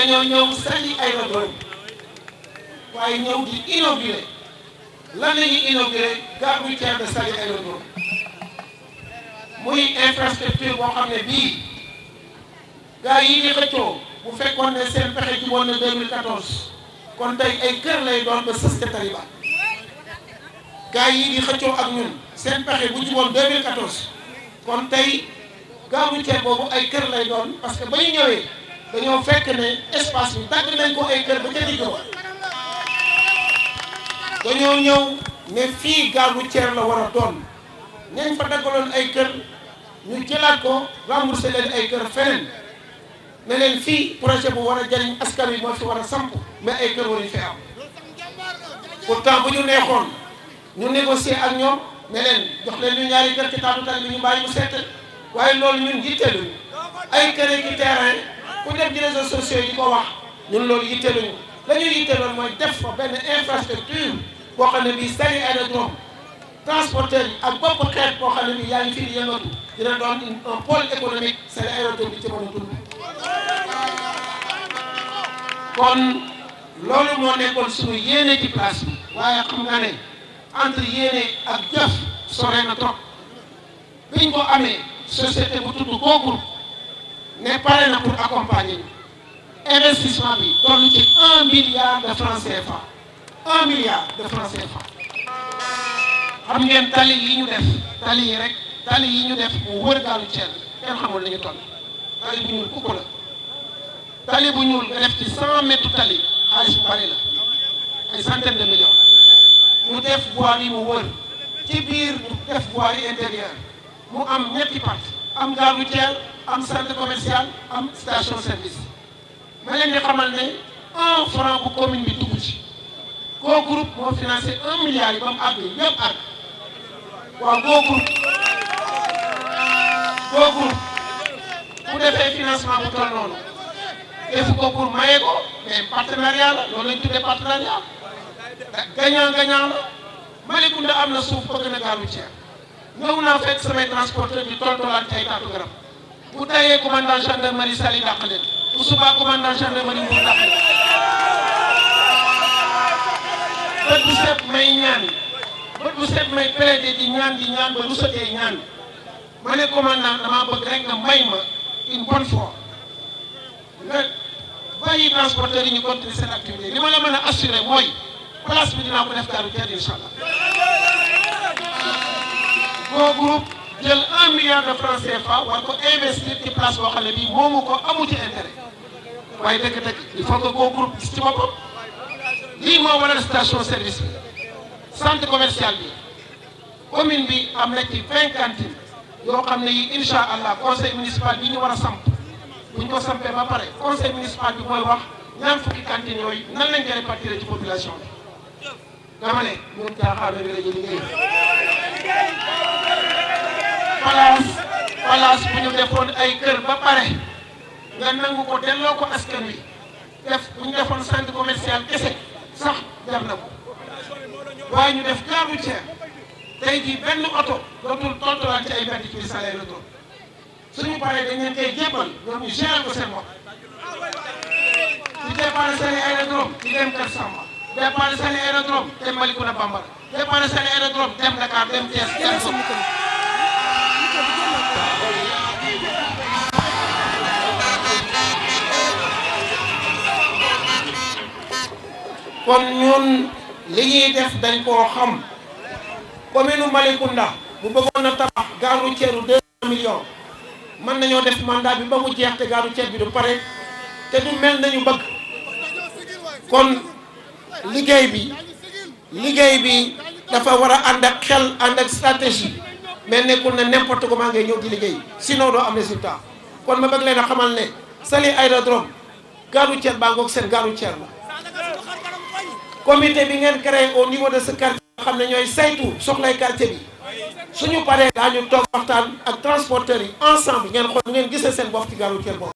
dañoo ñëw sànni ay rëbb waaye ñëw di inauguré lan la ñuy inauguré gare routière de Saly Aérodrome muy infrastructure boo xam ne bii gars yi di xëccoo bu fekkoon ne seen pexe ci woon na kon tey ay kër lay doon ba sës ca Taliba gars yi di xëccoo ak ñun seen pexe bu ci woon 2014 kon tey gare routière boobu ay kër lay doon parce que ba ñëwee. dañoo fekk ne espace bi dagg nañ ko ay kër ba ca digg ba dañoo ñëw ne fii gare routière la war a doon ñañ fa daggaloon ay kër ñu jëlaat ko remboursé leen ay kër feneen ne leen fii projet bu war a jariñ askan wi moo fi war a samp mais ay kër waruñu fi am pourtant bu ñu neexoon ñu négocier ak ñoom ne leen jox leen ñu ñaari kër ci taatu tali bi ñu bàyyi mu sett waaye loolu ñun jitteeluñu ay kër yi ci terrain ku dem ci réseaux sociaux yi ko wax ñun loolu yitteluñu la ñuy yitteloon mooy def ko benn infrastructure boo xam ne bii sari aérodrome transporteur yi ak bopp xeet boo xam ne bii yaa ngi fi di yëngatu dina doon un pôle économique sari aérodrome bi ci mën a dund kon loolu moo nekkoon suñu yéene ci waaye xam nga ne entre yéene ak jëf sore na trop biñ ko amee société bu tudd Go Group ne pas là pour accompagner investissement bi ci un milliard de francs CFA un milliard de francs CFA xam ngeen tali que ñu def tali rek tali yi ñu def mu wër gaalu xamul toll tali bu ñuul la tali bu ñuul nga def ci 100 mètres tali xaalis Il y la des de millions mu def voirie yi mu wër ci biir mu def am am am centre commercial am station service ma leen di xamal ne un franc bu commune bi dugg ci koo moo financé un milliard yi ba mu àgg ñëpp àgg waaw koo groupe koo defee financement bu toll noonu defu ko pour maye ko mais partenariat la loolu lañ tuddee partenariat gagnant gagnant la am na suuf bëgg na gaalu ceer naa fekk samay transporteur bi tontolaat ay taatu garab bu tayee commandant gendarmerie Saly dàq leen bu subaa commandant gendarmerie Mbour dàq leen bët bu set may ñaan bët bu set may plaider di ñaan di ñaan ba lu sotee ñaan ma ne commandant damaa bëgg rek may ma une bonne fois nga bàyyi transporteurs yi ñu continuer seen activité li ma la mën a assurer mooy place bi dinaa ko def gaaru teel incha jël un milliard de francs CFA war ko investir ci place boo xam ne bii moomu ko amu ci intérêt waaye dëgg-dëgg il faut que koo groupe gis ci lii moo waral station service bi centre commercial bi commune bi am na ci vingt cantines yoo xam ne yi incha allah conseil municipal bi ñu war a samp bu ko sampee ba pare conseil municipal bi mooy wax ñaar fukki cantines yooyu nan ne ñun caaxaan bi la ñu place bu ñu defoon ay kër ba pare nga nangu ko delloo ko askan wi def bu ñu defoon centre commercial kese sax jar na ko waaye ñu def gare routière tey jii benn oto dotul tontuwaat ci ay mbedd ci di salee retour suñu paree dañ leen koy jébbal ñoom ñu gérer ko seen wax di départ aérodrome dem Kër Samba départ aérodrome dem Malikounda Bambara départ seen aérodrome dem Dakar dem Thiès dem Sow kon ñun li ñuy def dañ koo xam commune Malicounda bu bëggoon na tabax gare routière u deux millions mën nañoo def mandat bi ba mu jeex te gare routière bi du pare te du mel nañu bëgg kon liggéey bi liggéey bi dafa war a ànd ak xel ànd ak stratégie mais nekkul ne n'importe comment ngay ñëw di liggéey sinon doo am résultat kon ma bëgg leen a xamal ne Saly Aérodrome gare routière baa ngoog seen gare ceer la comité bi ngeen créé au niveau de ce quartier nga xam ne ñooy saytu soxlay quartier bi suñu paree daañu toog waxtaan ak transporteurs yi ensemble ngeen xool ngeen gisee seen bopp ci gare routière boobu